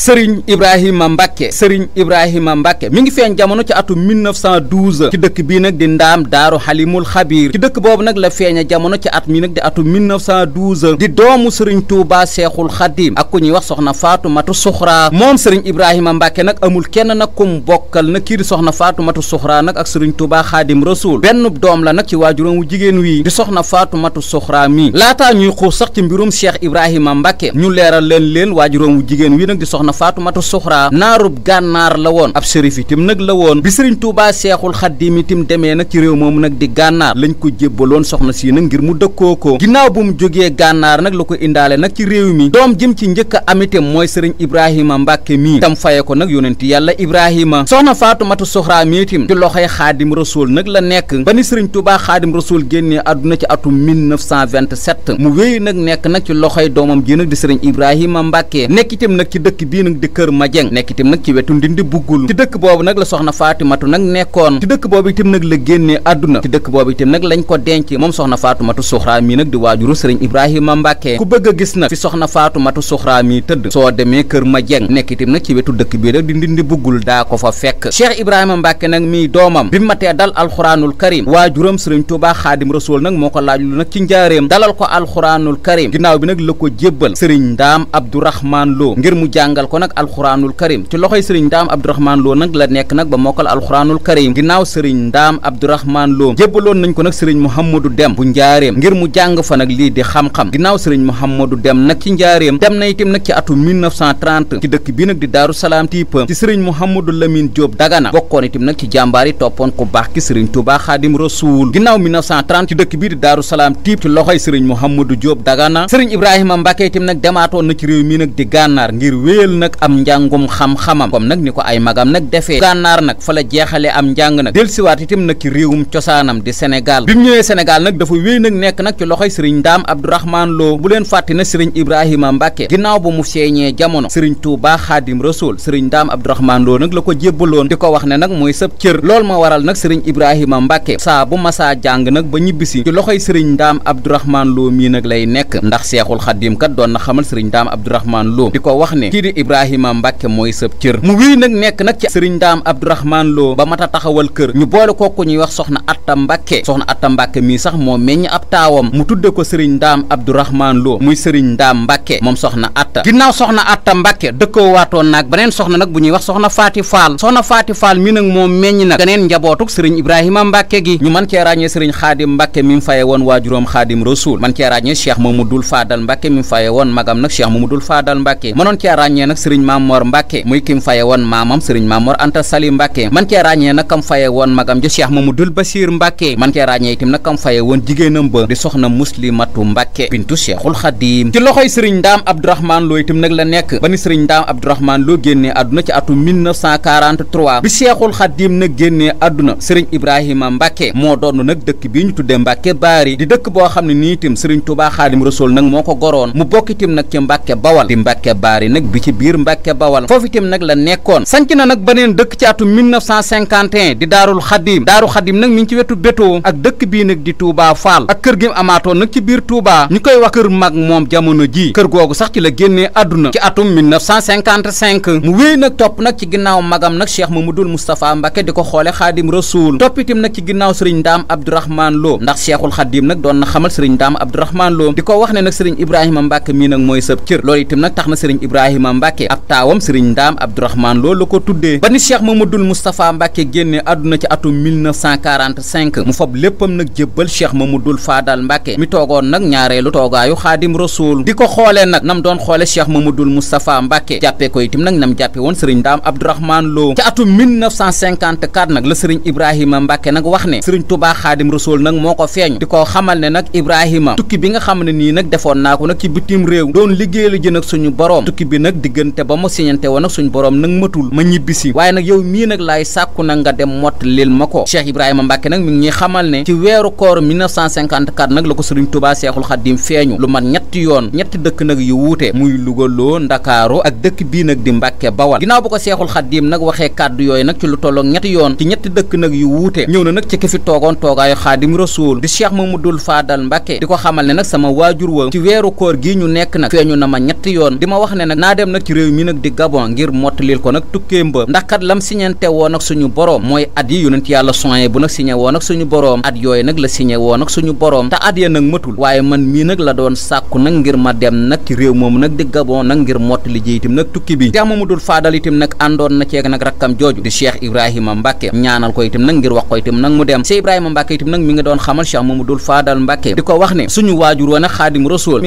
Serigne Ibrahima Mbacke Serigne Ibrahima Mbacke mi ngi feeñ jamono ci atum 1912 ci dëkk bii nag di ndaam daaru xalimul xabiir ci dëkk boobu nag la feeña jamono ci at mi nag di atum 1912 di doomu Serigne Touba Seexul Xadim ak ku ñuy wax soxna Faatumatu Suxra moom Serigne Ibrahima Mbacke nag amul kenn nag kum bokkal nag kii di soxna Faatumatu Suxra nag ak Serigne Touba Xadim Rasul benn doom la nag ci waajuram wu jigéen wii di soxna matu Suxra mi laataa ñuy xuus sax ci mbirum Cheikh Ibrahima Mbacke ñu leeral leen leen waajuram wu jigéen wi nag di soxna soxna faatumata suxraa naarub gànnaar la woon ab sërif itam nag la woon bi sëriñ tuubaa seexul xaddiim itam demee nag ci réew moomu nag di gànnaar lañ ko jébbaloon soxna sii nag ngir mu dëkkoo ko ginnaaw bu mu jógee gànnaar nag la ko indaale nag ci réew mi doom jëm ci njëkk a amitam mooy sëriñ ibrahima mbàkke mii tam faye ko nag yonent yàlla ibrahima soxna faatumata suxraa mi itam ci loxoy xaadim rasul nag la nekk ba ni sëriñ tuubaa xaadim rasul génne àdduna ci atum 1927 mu wéy nag nekk nag ci loxoy doomam ji nag di sëriñ ibrahima mbàkke nekk itam nag ci dëkk bii nag di kër Madieng nekk itam nag ci wetu ndindi buggul ci dëkk boobu nag la soxna Faatumatu nag nekkoon ci dëkk boobu itam nag la génnee àdduna ci dëkk boobu itam nag lañ ko denc moom soxna Faatumatu Suxraa mi nag di waajuru sëriñ Ibrahima Mbàkke ku bëgg a gis nag fi soxna Faatumatu Suxraa mi tëdd soo demee kër Madieng nekk itam nag ci wetu dëkk bii nag di ndindi buggul daa ko fa fekk Cheikh Ibrahima Mbàkke nag miy doomam bi matee dal alxuraanul karim waajuram sëriñ Tuubaa Xaadim Rasuul nag moo ko laaj lu nag ci njaareem dalal ko alxuraanul karim ginnaaw bi nag la ko jébbal sëriñ Ndaam Abdourahman Lo ngir mu ko nag alxuraanul karim ci loxoy sëriñ ndaam abdourahmaan loo nag la nekk nag ba mokkal alxuraanul karim ginnaaw sëriñ ndaam abdourahmaan loo jébbaloon nañ ko nag sëriñ mouhamadou dem bu njaareem ngir mu jàng fa nag lii di xam-xam ginnaaw sëriñ mouhamadou dem nag ci njaareem dem na itam nag ci atum 1930 ci dëkk bi nag di daaru salaam tiip ci sëriñ mouhamadou lamine jóob dagana bokkoon itam nag ci jàmbaar yi toppoon ku baax ki sëriñ touba xaadim rasuul ginnaaw 1930 ci dëkk bii di daaru salaam tiip ci loxoy sëriñ mouhamadou jóob dagana sëriñ ibrahima mbàkke itam nag demaatoon na ci réew mi nag di gànnaar ngir nag am njàngum xam-xamam comme nag ni ko ay magam nag defee gànnaar nag fa la jeexale am njàng nag delsiwaat itam nag ci réewum cosaanam di Sénégal bi mu ñëwee Sénégal nag dafa wéy nag nekk nag ci loxoy sëriñ Ndaam Abdourahmane Lo bu leen fàtte na sëriñ Ibrahima Mbacke ginnaaw ba mu feeñee jamono sëriñ Touba Xaadim Rasoul sëriñ Ndaam Abdourahmane Lo nag la ko jébbaloon di ko wax ne nag mooy sëb cër loolu ma waral nag sëriñ Ibrahima Mbacke saa bu masaa jàng nag ba ñibbisi loxoy sëriñ Ndaam Abdourahmane Lo mii nag lay nekk ndax Seexul Xaadim kat doon na xamal sëriñ Ndaam Abdourahmane Lo di Ibrahima Mbacke mooy sëb cër mu wii nag nekk nag ci sëriñ Ndaam Abdourahmane Lo ba mat a taxawal kër ñu boole ko ku ñuy wax soxna Atta Mbacke soxna Atta Mbacke mii sax moo meññ ab taawam mu tudde ko sëriñ Ndaam Abdourahmane Lo muy sëriñ Ndaam Mbacke moom soxna Atta ginnaaw soxna Atta Mbacke dëkkoo waatoon naag beneen soxna nag bu ñuy wax soxna Faati Faal soxna Faati Faal mi nag moo meññ nag geneen njabootug sëriñ Ibrahima Mbacke gi ñu mën cee ràññee sëriñ Xaadim Mbacke mi mu faye woon waajuróom Xaadim Rasuul mën cee ràññee Cheikh Mamadul Faadal Mbacke mi mu faye woon magam nag Cheikh Mamadul Faadal Mbacke mënoon cee ràññee sëriñ Mamor Mbàkke muy kim faye woon maamam sëriñ Mamor Anta Sali Mbàkke man cee ràññee nag kam faye woon magam ji Cheikh Mamadul Basiir Mbàkke man ràññee itam nag kam faye woon jigéenam ba di soxna muslimatu Mbàkke bintu Cheikhul Xadim ci loxoy sëriñ Ndaam Abdourahmane Lo itam nag la nekk ba ni sëriñ Ndaam Abdourahmane Lo génnee àdduna bi sëriñ Ibrahima Mbàkke moo doon nag dëkk bii ñu tuddee Mbàkke Baari di dëkk boo xam ne nii itam sëriñ mu bokk itam nag ci Mbàkke Bawal di ngir Mbàkke Bawal foofu itam nag la nekkoon sanc na nag beneen dëkk ci atum 1951 di daarul xadim daaru xadim nag mi ngi ci wetu bétoo ak dëkk bii nag di Touba Fall ak kër gi mu amaatoon nag ci biir Touba ñu koy wax kër mag moom jamono ji kër googu sax ci la génnee àdduna ci atum 1955 mu wéy nag topp nag ci ginnaaw magam nag Cheikh Mamadou Moustapha Mbacke di ko xoole xaadim rasuul topp itam nag ci ginnaaw sëriñ Ndaam Abdourahman Lo ndax Cheikhul Xadim nag doon na xamal sëriñ Ndaam Abdourahman Lo di ko wax ne nag sëriñ Mbacke ab taawam sëriñ Ndaam Abdourahmane Lo la ko tuddee ba ni Cheikh Mamadul Moustapha Mbacke génne àdduna ci atum 1945 mu fab léppam nag jébbal Cheikh Mamadul Faadal Mbacke mi toogoon nag ñaareelu toogaayu xaadim rasul di ko xoolee nag nam doon xoole Cheikh Mamadul Moustapha Mbacke jàppee ko itam nag nam jàppe woon sëriñ Ndaam Abdourahmane Lo ci atum nag la sëriñ Ibrahima Mbacke nag wax ne sëriñ Touba xaadim rasul nag moo ko feeñu di ko xamal ne nag Ibrahima diggante ba ma siñante woon ak suñ borom nag matul ma ñibbisi waaye nag yow mii nag laay sàkku nag nga dem mott lil ma ko Cheikh Ibrahima Mbacke nag mi ngi ñuy xamal ne ci weeru koor 1954 nag la ko Serigne Touba Seexul Xaddim feeñu lu mat ñetti yoon ñetti dëkk nag yu wuute bii nag di Mbacke Bawal ginnaaw bu ko Seexul Xaddim nag waxee kàddu yooyu nag ci lu tolloog ñetti yoon ci ñetti dëkk nag yu wuute ñëw na nag ci ki fi toogoon toogaayu Xaadim Rasuul di Cheikh Mamadul Faadal Mbacke di ko xamal ne nag sama waajur wa ci weeru koor gi ñu nekk nag feeñu na ma ñetti yoon di ma wax ne nag naa dem nag ci réew mi nag di Gabon ngir mottalil ko nag tukkee mba ndax kat lam siñente woon ak suñu boroom mooy at yi yonent yàlla soye bu nag siñe woon ak suñu boroom at yooyu nag la siñe woon ak suñu boroom te at ya nag matul waaye man mii nag la doon sàkku nag ngir ma dem nag ci réew moomu nag di Gabon nag ngir mottali ji itam nag tukki bi Cheikh Mamadou Fadal itam nag àndoon na ceeg nag rakkam jooju di Cheikh Ibrahima Mbacke ñaanal ko itam nag ngir wax ko itam nag mu dem Cheikh Ibrahima Mbacke itam nag mi ngi doon xamal Cheikh Mamadou Fadal Mbacke di ko wax ne suñu waajur woon a Xaadim Rasul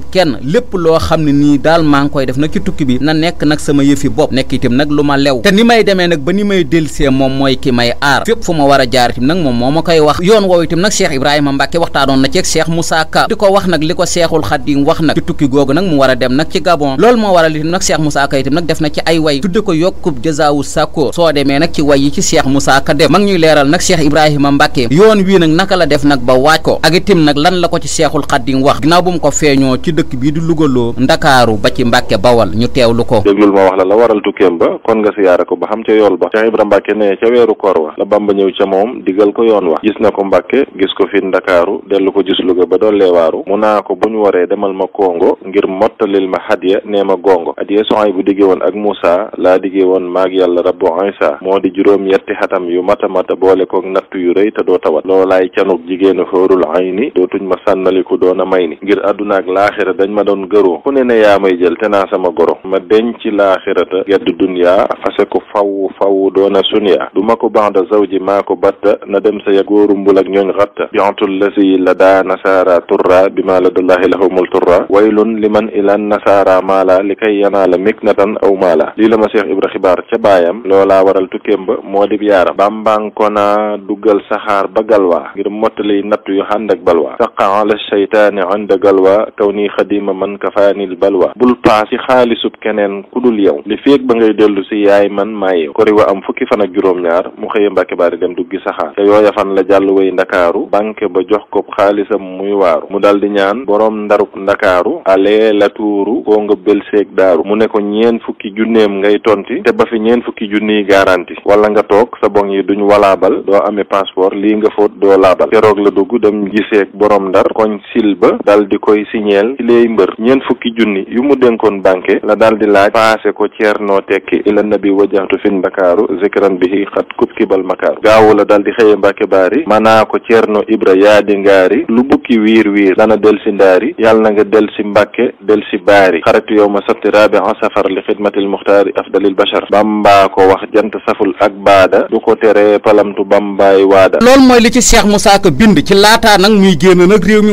xaalisub kenn lépp loo xam ne nii daal maa ngi koy def nag ci tukki bi na nekk nag sama yëfi bopp nekk itam nag lu ma lew te ni may demee nag ba ni may dellusee moom mooy ki may aar fépp fu ma war a jaar itam nag moom moo ma koy wax yoon woowu itam nag Cheikh Ibrahima Mbacke waxtaanoon na ceeg Cheikh Moussa Ka di ko wax nag li ko Cheikhul Khadim wax nag ci tukki googu nag mu war a dem nag ci Gabon lool moo waral itam nag Cheikh Moussa Ka itam nag def na ci ay way tudde ko yokkub jazaawu sàkkoor soo demee nag ci way yi ci Cheikh Moussa Ka def mag ñuy leeral nag Cheikh Ibrahima Mbacke yoon wii nag naka la def nag ba waaj ko ak itam nag lan la ko ci Cheikhul Khadim wax ginnaaw bu mu ko feeñoo ci dëkk bii di lugaloo ndakaaru ba ci mbàkke bawal ñu teewlu ko déglul ma wax la la waral tukkeem ba kon nga siyaare ko ba xam ca yool ba Cheikh Ibra Mbàkke ne ca weeru koor wa la Bamba ñëw ca moom digal ko yoon wa gis na ko mbàkke gis ko fi ndakaaru dellu ko gis luga ba doollee waaru mu naa ko bu ñu waree demal ma kongo ngir mottalil ma hadiya nee ma gongo hadiya soxay bu diggee woon ak Moussa laa diggee woon maag yàlla rabbu Isa moo di juróom yetti xatam yu mata mata boole koog yu rëy te doo tawat loolaay canug jigéenu xóorul a laaxira dañ ma doon gëroo ku ne ne yaa may jël te naa sama goro ma denc laaxirata gedd duniyaa fase ko faw faw doona suniya du ma ko banda zawji maa ko batta na dem sa ya góoru mbul ak ñooñ xatta biantul lasi la daa nasaara turra bi ma la dullahi lahumul turra waylun liman ilan nasaara maala li kay yanaala miknatan aw maala lii la ma seex ibra xibaar ca baayam loolaa waral tukkeem ba moo dib yaaram bambankonaa duggal saxaar ba galwaa ngir mottali nattu yu xànd ak balwaa saqa ala shaytaani ànd galwaa kaw nii xadima man kafaanil balwa bul paas ci xaalisub keneen ku dul yow li feeg ba ngay dellu si yaay man maa ko kori wa am fukki fan ak juróom-ñaar mu xëye mbàkke baari dem duggi saxaar te yooya fan la jàll way ndakaaru bank ba jox ko xaalisam muy waaru mu dal di ñaan boroom ndaruk ndakaaru alee la tuuru koo nga bël seeg daaru mu ne ko ñeen fukki junneem ngay tonti te ba fi ñeen fukki junniy garanti wala nga toog sa bon yi duñ walaabal doo amee passeport lii nga fóot doo laabal keroog la dugg dem giseeg boroom ndar koñ ci lay mbër ñeent fukki junni yu mu dénkoon banque la daal laaj paase ko ceernoo tekki ila nabi wajaxtu fin bakaaru zikran bihi xat kub kibal makaaru gaawu la daal xëye mbàkke baari manaa ko ceerno ibra yaa di ngaari lu bukki wiir wiir dana del si ndaari yàlla na nga del si mbàkke del si baari xaritu yow ma sabti raabi en safar li xidmatil muxtaari afdalil bachar bambaa ko wax jant saful ak baada du ko teree palamtu bambaay waada loolu mooy li ko bind ci laataa nag muy génn nag réew mi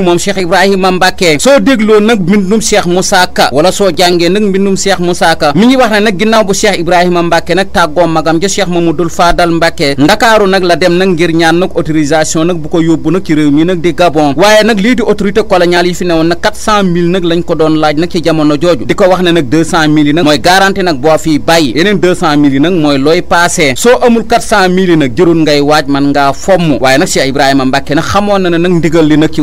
jëloon nag mbindum Cheikh Moussa Ka wala soo jàngee nag mbindum Cheikh Moussa Ka mi ngi wax ne nag ginnaaw bu Cheikh Ibrahima Mbacke nag tàggoo magam ja Cheikh Mamadou Fadal Mbacke ndakaaru nag la dem nag ngir ñaan nag autorisation nag bu ko yóbbu nag ci réew mi nag di Gabon waaye nag lii di autorité coloniale yi fi newoon nag 400000 nag lañ ko doon laaj nag ci jamono jooju di ko wax ne nag 200000 yi nag mooy garanti nag boo fii bàyyi yeneen 200000 nag mooy looy passé ngay waaj man ngaa fomm waaye nag Cheikh Ibrahima Mbacke nag xamoon na ne nag ndigal li nag ci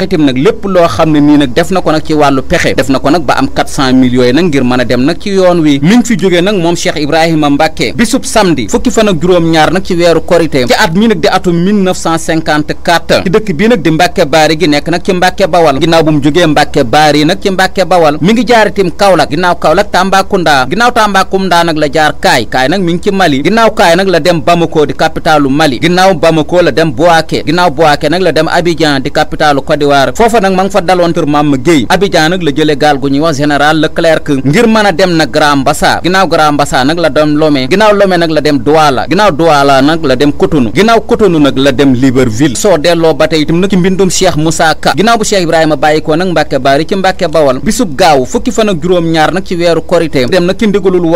tax itam nag lépp loo xam ne nii nag def na ko nag ci wàllu pexe def na ko nag ba am 400 millions yi nag ngir mën dem nag ci yoon wi mi fi jógee nag moom Cheikh Ibrahima Mbacke bisub samedi fukki fan ak juróom-ñaar nag ci weeru korité ci at mi di atum 1954 ci dëkk bii nag di Mbacke Baari gi nekk nag ci Mbacke Bawal ginnaaw bu mu jógee Mbacke Baari nag ci Mbacke Bawal mi ngi jaar itam Kaolack ginnaaw Kaolack Tambacounda ginnaaw Tambacounda nag la jaar Kaay Kaay nag mi ngi ci Mali ginnaaw Kaay nag la dem Bamako la dem Bouaké ginnaaw Bouaké nag la dem Abidjan waar foofa nag ma nga fa daloon kër Mame Guèye Abidjan nag la jële gaal gu ñuy wax général Leclerc ngir mën a dem nag Grand Bassam ginnaaw Grand Bassam nag la dem Lomé ginnaaw Lomé nag la dem Douala ginnaaw Douala nag la dem Cotonou ginnaaw Cotonou nag la dem Libreville soo delloo ba tey itam nag ci mbindum Cheikh Moussa Ka ginnaaw bu Cheikh Ibrahima bàyyi ko nag Mbàkke Baari ci Mbàkke Bawal bisub gaaw fukki fan ak juróom-ñaar nag ci weeru korité dem nag ci ndigalul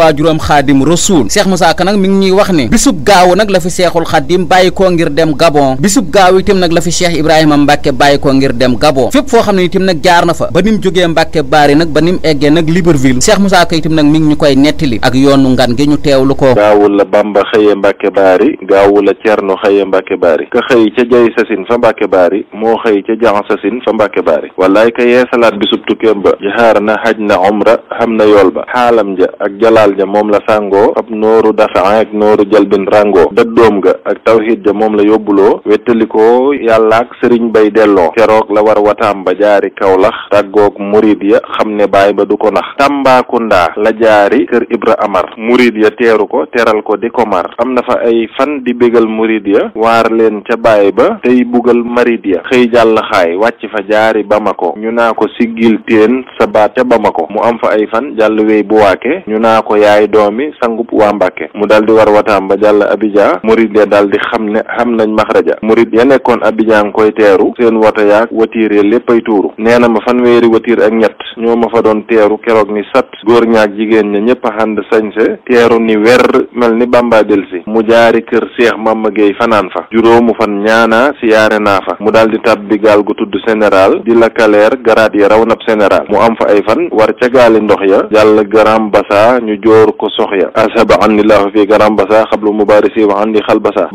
dem Gabon fépp foo xam ne itam nag jaar na fa ba nim jógee Mbàkke Baari nag ba nim eggee nag Libreville Cheikh Moussa Ka itam nag mi ngi ñu koy nettali ak yoonu ngan gi ñu teewlu ko gaawul la Bamba xëye Mbàkke Baari gaawul la Cerno xëye Mbàkke Baari ka xëy ca jay sasin fa Mbàkke Baari moo xëy ca jaxan sasin fa Mbàkke Baari wallaay ka yee salaat bi sub tukkeem ba jihaar na xaj na omra xam na yool ba xaalam ja ak jalaal ja moom la sàngoo fab nooru dafaan ak nooru jalbin ràngoo dëddoom ga ak tawxiid ja moom la yóbbuloo wettalikoo yàlla ak sëriñ bay delloo keroog la war wataam ba jaari kawlax tàggoog murid ya xam ne baay ba du ko nax Tambacounda la jaari kër Ibra Amar murid ya teeru ko teral ko di ko mar am na fa ay fan di bëggal murid ya waar leen ca baay ba tey bugal marid ya xëy jàll xaay wàcc fa jaari Bamako ñu naa ko siggil teen sa baat ma ko mu am fa ay fan jàll wey bu waake ñu naa ko yaay doomi sangub waa Mbàkke mu dal di war wataam ba jàll Abidjan murid ya dal di xam ne xam nañ maxraja murid ya nekkoon Abidjan koy teeru seen watiir ya léppay tuuru nee na ma fanweeri watiir ak ñett ñoo ma fa doon teeru keroog ni sat góor ñaak jigéen ña ñëpp a ànd sañse teeru ni wer mel ni bàmbaa delsi mu jaari kër seex mamma géey fanaan fa juróomu fan ñaanaa siyaare naa fa mu daal di tàbbi gaal gu tudd général di la kaleer garaat ya raw nab général mu am fa ay fan war ca gaali ndox ya jàll garam basa ñu joor ko sox ya asaba an nilaahu fii garam xablu mubarisi wa an di xal basa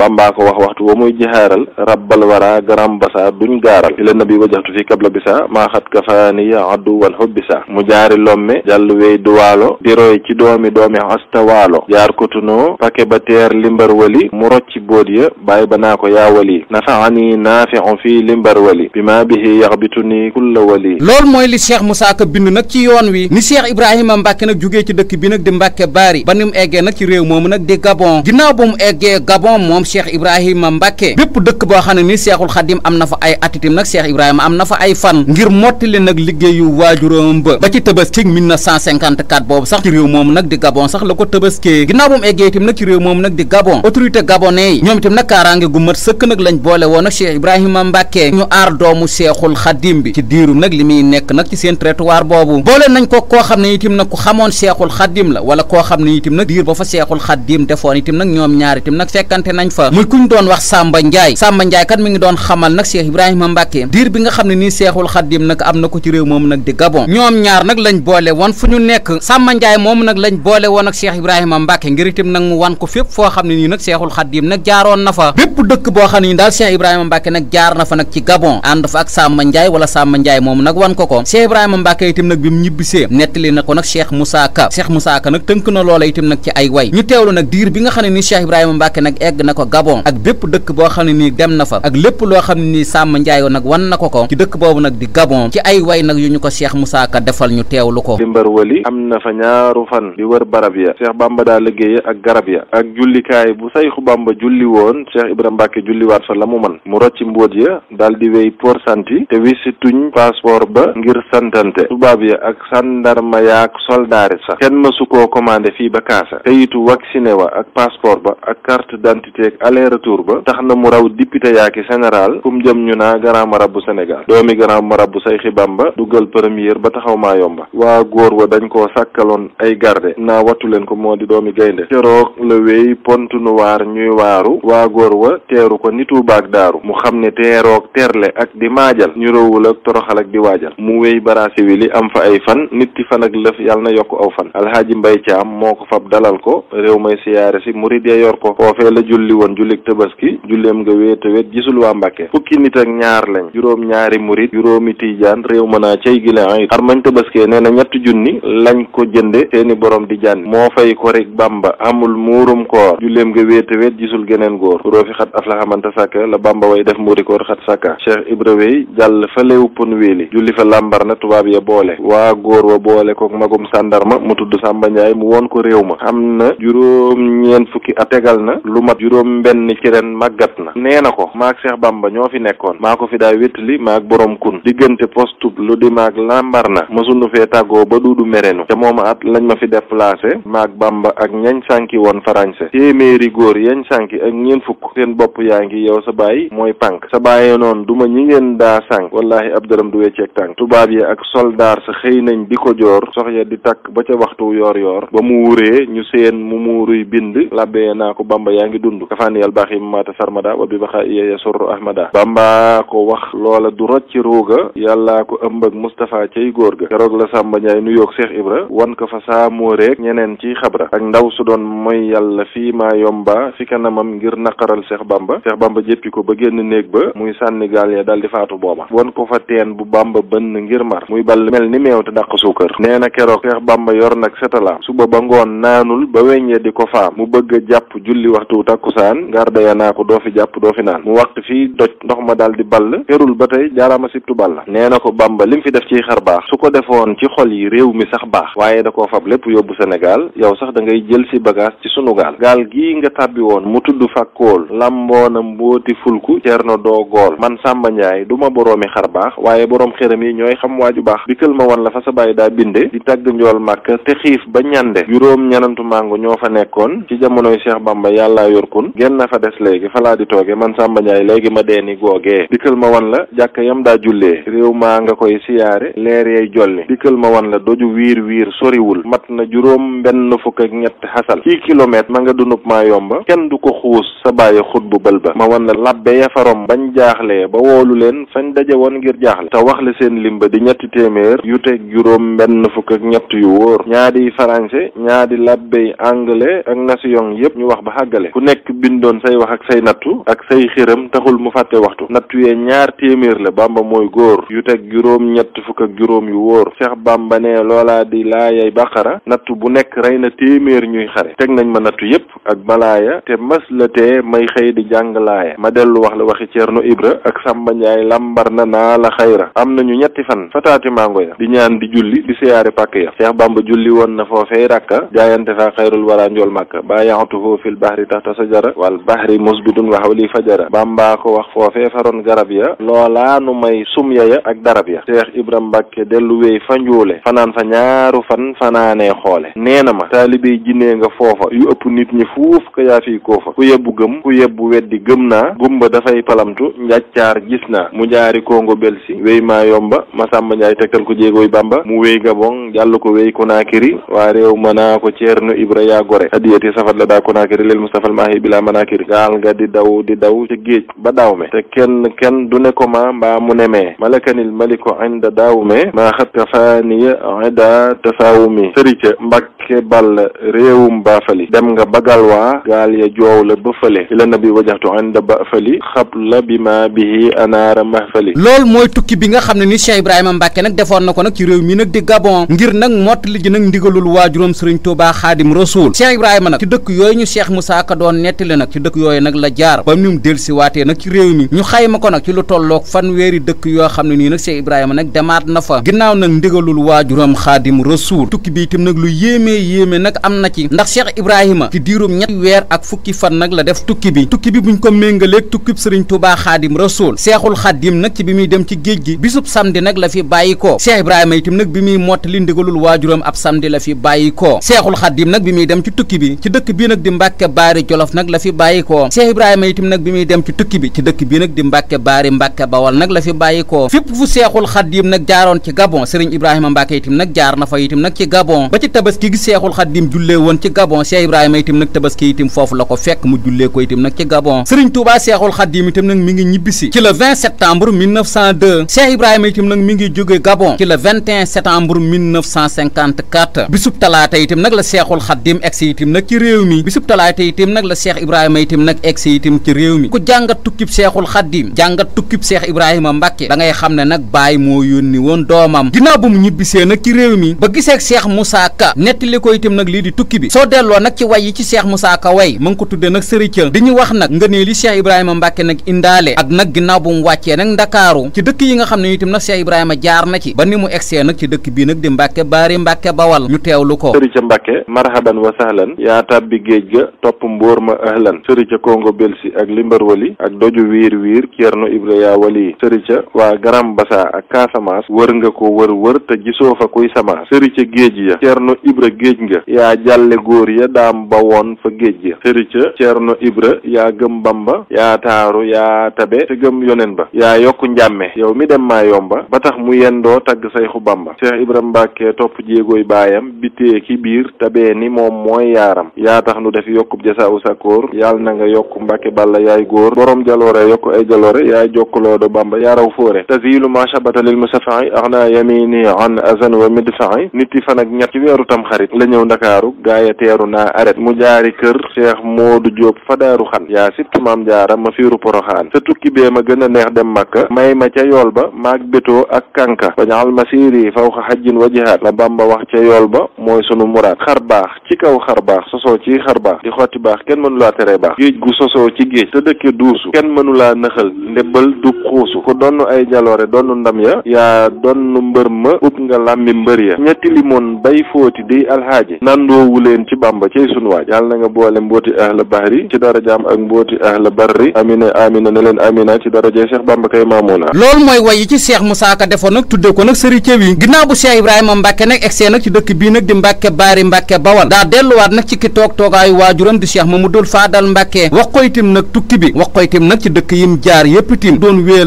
wajahtu fi kabla bisa maaxat kafaaniya addu wan hobbisa mu jaari lomme jàll wey duwaalo diroy ci doomi doomi astawaalo jaar kotunoo pake ba teer limbar wali mu rocci bood ya bàyyi ba naa ko yaa wali nafaani naafiu fii limbar wali bi maa bihi yaxbitu nii kulla wali loolu mooy li Cheikh Moussa Ka bind nag ci yoon wi ni Cheikh Ibrahima Mbacke nag jugee ci dëkk bi nag di Mbacke Bari ba ni mu eggee nag ci réew moomu nag di Gabon ginnaaw ba mu eggee Ibrahima am na fa ay fan ngir mottali nag liggéeyu waajuram ba ba ci tëbaski 1954 boobu sax ci réew moom nag di Gabon sax la ko tëbaskee ginnaaw bu mu eggee itam nag ci réew moom nag di Gabon autorité gabonais yi ñoom itam nag kaaraange gu mat sëkk nag lañ boole woon ak Cheikh Ibrahima Mbacke ñu aar doomu Cheikhul Khadim bi ci diirum nag li muy nekk nag ci seen territoire boobu boole nañ ko koo xam ne itam nag ku xamoon Cheikhul Khadim la koo xam ne itam nag diir ba fa Cheikhul Khadim defoon itam nag ñoom ñaar itam nag fekkante nañ fa muy kuñ doon wax Samba Ndiaye Samba ngi doon xamal nag Cheikh bi nga xam ne nii seexul xaddim nag am na ko ci réew nag di Gabon ñoom ñaar nag lañ boole woon fu ñu nekk Samba Ndiaye moom nag lañ boole wan ko fépp foo xam ne nii nag seexul xaddim nag jaaroon na Ibrahima Mbacke nag jaar na nag ci Gabon ànd fa ak Samba Ndiaye wala Samba Ndiaye moom nag wan ko ko Cheikh Ibrahima Mbacke itam nag bi mu ñibbisee nettali na ko nag Cheikh Moussa Ka Cheikh nag tënk na loola itam nag ci ay way ñu teewlu nag diir bi nga xam ne nii Cheikh Ibrahima Mbacke nag egg na ko Gabon ak bépp dëkk ko ko ci dëkk boobu nag di Gabon ci ay way nag yu ñu ko Cheikh Moussa Ka defal ñu teew teewlu ko dimbar wali am na fa ñaaru fan di wër barab ya Cheikh Bamba daal liggéey ak garab ya ak jullikaay bu sayxu Bamba julli woon Cheikh Ibrahima Mbacke julliwaat fa la mu man mu rocci mbóot ya daal di wéy port santi te wisituñ passeport ba ngir santante tubaab ya ak sandarma yaak soldaari sax kenn mësu koo commandé fii ba kaasa kayitu vacciné wa ak passeport ba ak carte d'identité ak aller retour ba na mu raw député yaaki général kum jëm ñu naa garaama Sénégal doomi grand marabu Sayxi Bamba dugal première ba taxaw ma yomba waa góor wa dañ koo sàkkaloon ay garde naa wattu leen ko moo di doomi gaynde keroog la wéy pont noir ñuy waaru waa góor wa teeru ko wu baag daaru mu xam ne teeroog teerle ak di maajal ñu rowul ak toroxal ak di waajal mu wéy baraasi am fa ay fan nit ki fan ak lëf yàlla na yokk aw fan alxaaji mbay caam moo ko fab dalal ko réew may siyaare si murid ya yor ko foofee la julli juróom-ñaari murit juróomi tijaan réew mën a cay gi la ay xar mañ tabaskee nee na junni lañ ko jënde seeni borom di jànni moo fay ko rek bamba amul muurum koor julleem nga wéete wéet gisul geneen góor kuroo fi xat af la xamante sàkka la bamba way def muuri koor xat sàkka cheikh ibra wey jàll fa léew pon wéeli julli fa làmbar tubaab ya boole waa góor wa boole kook magum sàndarma mu tudd sàmba njaay mu woon ko réew ma am na juróom ñeen fukki at tegal na lu mat juróom benn ci ren màggat na nee ko maak cheikh li maag borom kun diggante postub lu di maag lambar na mësunu fee tàggoo ba duudu merenu te moom at lañ ma fi déplacé maag bamba ak ñañ sànki woon farañse téeméeri góor yañ sànki ak ñeen fukk seen bopp yaa ngi yow sa baay mooy pànk sa bàyyee noonu du ma ñi ngeen daa sànk wallaahi ab dërëm du wecceeg tànk tubaab yi ak soldaar sa xëy nañ di ko joor sox soxya di takk ba ca waxtu yor yoor ba mu wuree ñu seen mu muuruy bind labbee naa ko bamba yaa ngi dund kafaan baax yi mamaata sarmada wa bi baxaa iya yasurru loola du rot ci ruuga yàllaa ko ëmb ak Moustapha cay góor ga keroog la Sàmba Njaay nu yoog Cheikh Ibra wan ko fa saamoo réeg ñeneen ci xabra ak ndaw su doon mooy yàlla fii maa yomba fi kanamam ngir naqaral seex Bamba Cheikh Bamba jéppi ko ba génn néeg ba muy sànni gaal ya dal di faatu booba wan ko fa teen bu Bamba bënn ngir mar muy ball mel ni meew te dàq suukar nee na keroog Cheikh Bamba yor nag setalaam suba ba ngoon naanul ba weññe di ko faam mu bëgg jàpp julli waxtu takkusaan ngarda ya naa tey jaaraama sibtu balla nee na ko Bamba li mu fi def ciy xar baax su ko defoon ci xol yi réew mi sax baax waaye da koo fab lépp yóbbu senegal yow sax da ngay jël si bagage ci sunu gaal gaal gii nga tàbbi woon mu tudd fàkkool lamboona mbooti fulku ceerno doo gool man Samba Ndiaye du ma boroomi xar baax waaye boroom xéram yi ñooy xam waaju baax bi kël ma wan la fa sa bàyyi daa binde di tagg njool màkk te xiif ba ñande juróom ñenantu mango ñoo fa nekkoon ci jamonoy Cheikh Bamba yàllaa yor kun genn fa des léegi falaa di tooge man Samba Ndiaye léegi ma deeni googee bi jàkka yam daa jullee réew maa nga koy siyaare leer yay jolli dikkal ma wan la doju wiir wiir soriwul mat na juróom benn fukk ak ñett xasal ci kilomètre ma nga dunub maa yomba kenn du ko xuus sa bàyyi xut bu bël ba ma wan la labbe ya farom bañ jaaxlee ba woolu leen fañ daje woon ngir jaaxle te wax la seen limba di ñetti téeméer yu teg juróom benn fukk ak ñett yu wóor ñaadi français ñaadi labbey anglais ak nation yépp ñu wax ba xàggale ku nekk bindoon say wax ak say nattu ak say xiram taxul mu fàtte waxtu téeméer la bamba mooy góor yu teg juróom ñett fukk ak juróom yu wóor seex bamba ne loolaa di laayay baqara nattu bu nekk rey na téeméer ñuy xare teg nañ ma nattu yépp ak ya te mas la tee may xëy di jàng laaya ma dellu wax la waxi ceerno ibra ak sàmba njaay lambar na naa la xayra am nañu ñetti fan fataati mango ya di ñaan di julli di siyaare pàkk ya seex bamba julli woon na foofee ràkka jaayante fa xayrul wara njool màkka baa yaxatuhu fil bahri taxta sajara wal bahri musbidun walaanu may sumya ya ak darab ya Cheikh Ibra Mbàkke dellu wéy fa njuule fanaan fa ñaaru fan fanaanee xoole nee na ma taalibey jinee nga foofa yu ëpp nit ñi fuuf ka yaa fii koo fa ku yebbu gëm ku yebbu weddi gëm naa gumba dafay palamtu njàccaar gis naa mu jaari Kongo Belsi wéy ma yomba ma Masamba Njaay tegtal ko jéegooy Bamba mu wéy Gabon jàll ko wéy Conakry waa réew ma naa ko Ceerno Ibra yaa gore adiyati safat la daa Conakry leel Mustafa al Maahi bila Manakiri gaal nga di daw di daw ca géej ba daaw me te ma mbaa mu nemee malakanil maliku inda daawume maa xatta faaniya ida tasaawumi sërite mbakke ball réewum baafali dem nga bagal waa gaal ya joow la ba fële ila nabi wajaxtu inda baafali xab la bi ma bihi anaara mahfali lool mooy tukki bi nga xam ne ni Cheikh Ibrahima Mbacke nag defoon na ko nag ci réew mi nag di Gabon ngir nag mottali ji nag ndigalul waajuram Serigne Touba Xaadim Rasuul Cheikh Ibrahima nag ci dëkk yooyu ñu Cheikh Moussa Ka doon nettali nag ci dëkk yooyu nag la jaar ba ni mu dellusiwaatee nag ci réew mi ñu xayma ko nag ci lu tolloog fanweeri dëkk yoo xam ne nii nag Cheikh Ibrahima nag demaat na fa ginnaaw nag ndigalul waajuram xaadim rasuul tukki bi itam nag lu yéemee yéeme nag am na ci ndax Cheikh Ibrahima ci diirum ñetti weer ak fukki fan nag la def tukki bi tukki bi buñ ko méngaleeg tukkib sëriñ Tuubaa xaadim rasuul seexul xaadim nag ci bi muy dem ci géej gi bisub samedi nag la fi bàyyi ko Cheikh Ibrahima itam nag bi muy mottali ndigalul ab samedi la fi bàyyi ko seexul xaadim nag bi muy dem ci tukki bi ci dëkk bii nag di Mbàkke Baari Jolof nag la fi bàyyi ko Ibrahima itam nag bi muy dem ci tukki bi ci dëkk bii nag di Mbàkke Baari Mbàkke ba bawal nag la fi bàyyi koo fépp fu seexul xaddiim nag jaaroon ci gabon sëriñ ibrahima mbàkke itam nag jaar na fa itam nag ci gabon ba ci tabaski gi seexul xaddiim jullee woon ci gabon seex ibrahima itam foofu la ko fekk mu jullee ko itam nag ci gabon sëriñ touba seexul xaddiim itam nag mi ngi ñibbisi ci le 20 septembre 1902 seex ibrahima itam nag mi ngi jóge gabon ci le 21 septembre 1954 bisub talaata itam nag la seexul xaddiim egsi itam nag ci réew mi bisub talaata itam nag la seex ibrahima itam nag egsi itam ci réew mi ku jàngat tukkib seexul xaddiim jàngat tukkib Cheikh Ibrahima Mbacke da ngay xam ne nag baay moo yónni woon doomam ginnaaw bu mu ñibbisee nag ci réew mi ba giseeg Cheikh Moussa Ka nettali ko itam nag lii di tukki bi soo delloo nag ci way yi ci Cheikh Moussa Ka way mu ngi ko tudde nag sëricël di ñu wax nag nga nee li Cheikh Ibrahima Mbacke nag indaale ak nag ginnaaw bu mu wàccee nag Ndakaaru ci dëkk yi nga xam ne itam nag Cheikh Ibrahima jaar na ci ba ni mu egsee nag ci dëkk bii nag di Mbacke Baari Mbacke Bawal ñu teewlu ko sërica Mbacke marhaban wa sahlan yaa tàbbi géej ga topp mbóor ma ahlan sërica Kongo Belsi ak limbar wali ak doju wiir wiir lii sëricë waa Grand Bassa ak Casamance wër nga ko wër wër te gisoo fa kuy samaas sëricë géej ya Cerno Ibra géej nga yaa jàlle góor ya daam ba woon fa géej ya sëricë Cerno Ibra yaa gëm Bamba yaa taaru yaa tabe te gëm yonen ba yaa yokk njàmme yow mi dem maa yomba ba tax mu yendoo tagg sayxu Bamba Cheikh Ibra Mbàkke topp jéegooy baayam bitee ki biir tabee ni moom mooy yaaram yaa tax nu def yokkub jasaawu sakkoor yàlla na nga yokk Mbàkke Balla yaay góor Ahmadou Bamba fóore tazilu ma shabata lil musafahi axna yamini an azan wa midfahi nit yi fan ak ñett ci weeru tam xarit la ñëw ndakaaru gaaya teeru naa aret mu jaari kër Cheikh Modou Diop fadaaru xan yaa sitti maam jaara ma fiiru poroxaan sa tukki bee ma gën a neex dem makka may ma ca yool ba maag bétoo ak kanka bañaxal masiri faw xa xajjin wa jihaat la Bamba wax ca yool ba mooy sunu muraad xar baax ci kaw xar baax sosoo ci xar baax di xotti baax kenn mënulaa tere baax géej gu sosoo ci géej te dëkke duusu kenn mënulaa xuusu ku donn ay jaloore donn ndam ya yaa donn mbër ma ut nga làmmi mbër ya ñetti limoon bay fóoti di alxaaji nandoowu leen ci bàmba cay sunwaaj yàlla na nga boole mbooti ahla bahri ci darajaam ak mbooti ahla barri amina amina ne leen amina ci darajay Cheikh Bamba kay maamoona loolu mooy wayi ci Cheikh Moussa Ka defoon nag tudde ko nag sëri cëw yi ginnaaw bu Cheikh Ibrahima Mbacke nag egsee nag ci dëkk bii nag di Mbacke Baari Mbacke Bawal daa delluwaat nag ci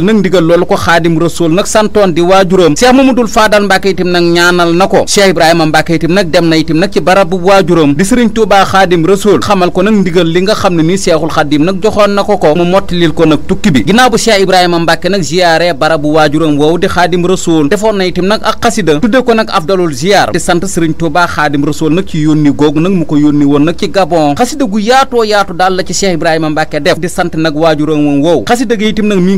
ndigal nag ndigal loolu ko xaadim rasul nag santoon di waajuram cheikh mamadul faadal mbàkke itam nag ñaanal na ko cheikh ibrahima mbàkke itam nag dem na itam nag ci barabu waajuram di sëriñ xamal ko nag ndigal li nga xam ne nii cheikhul xaadim nag joxoon na ko ko mu mottalil ko nag tukki bi ginnaaw bu cheikh ibrahima mbàkke nag ziyaare barabu waajuram woowu di xaadim rasul defoon na itam nag ak xasida tudde ko nag afdalul ziyaar di sant sëriñ tuubaa xaadim rasul nag ci yónni woon nag ci gabon yaatu daal la ci cheikh ibrahima mbàkke def di sant nag waajuram woowu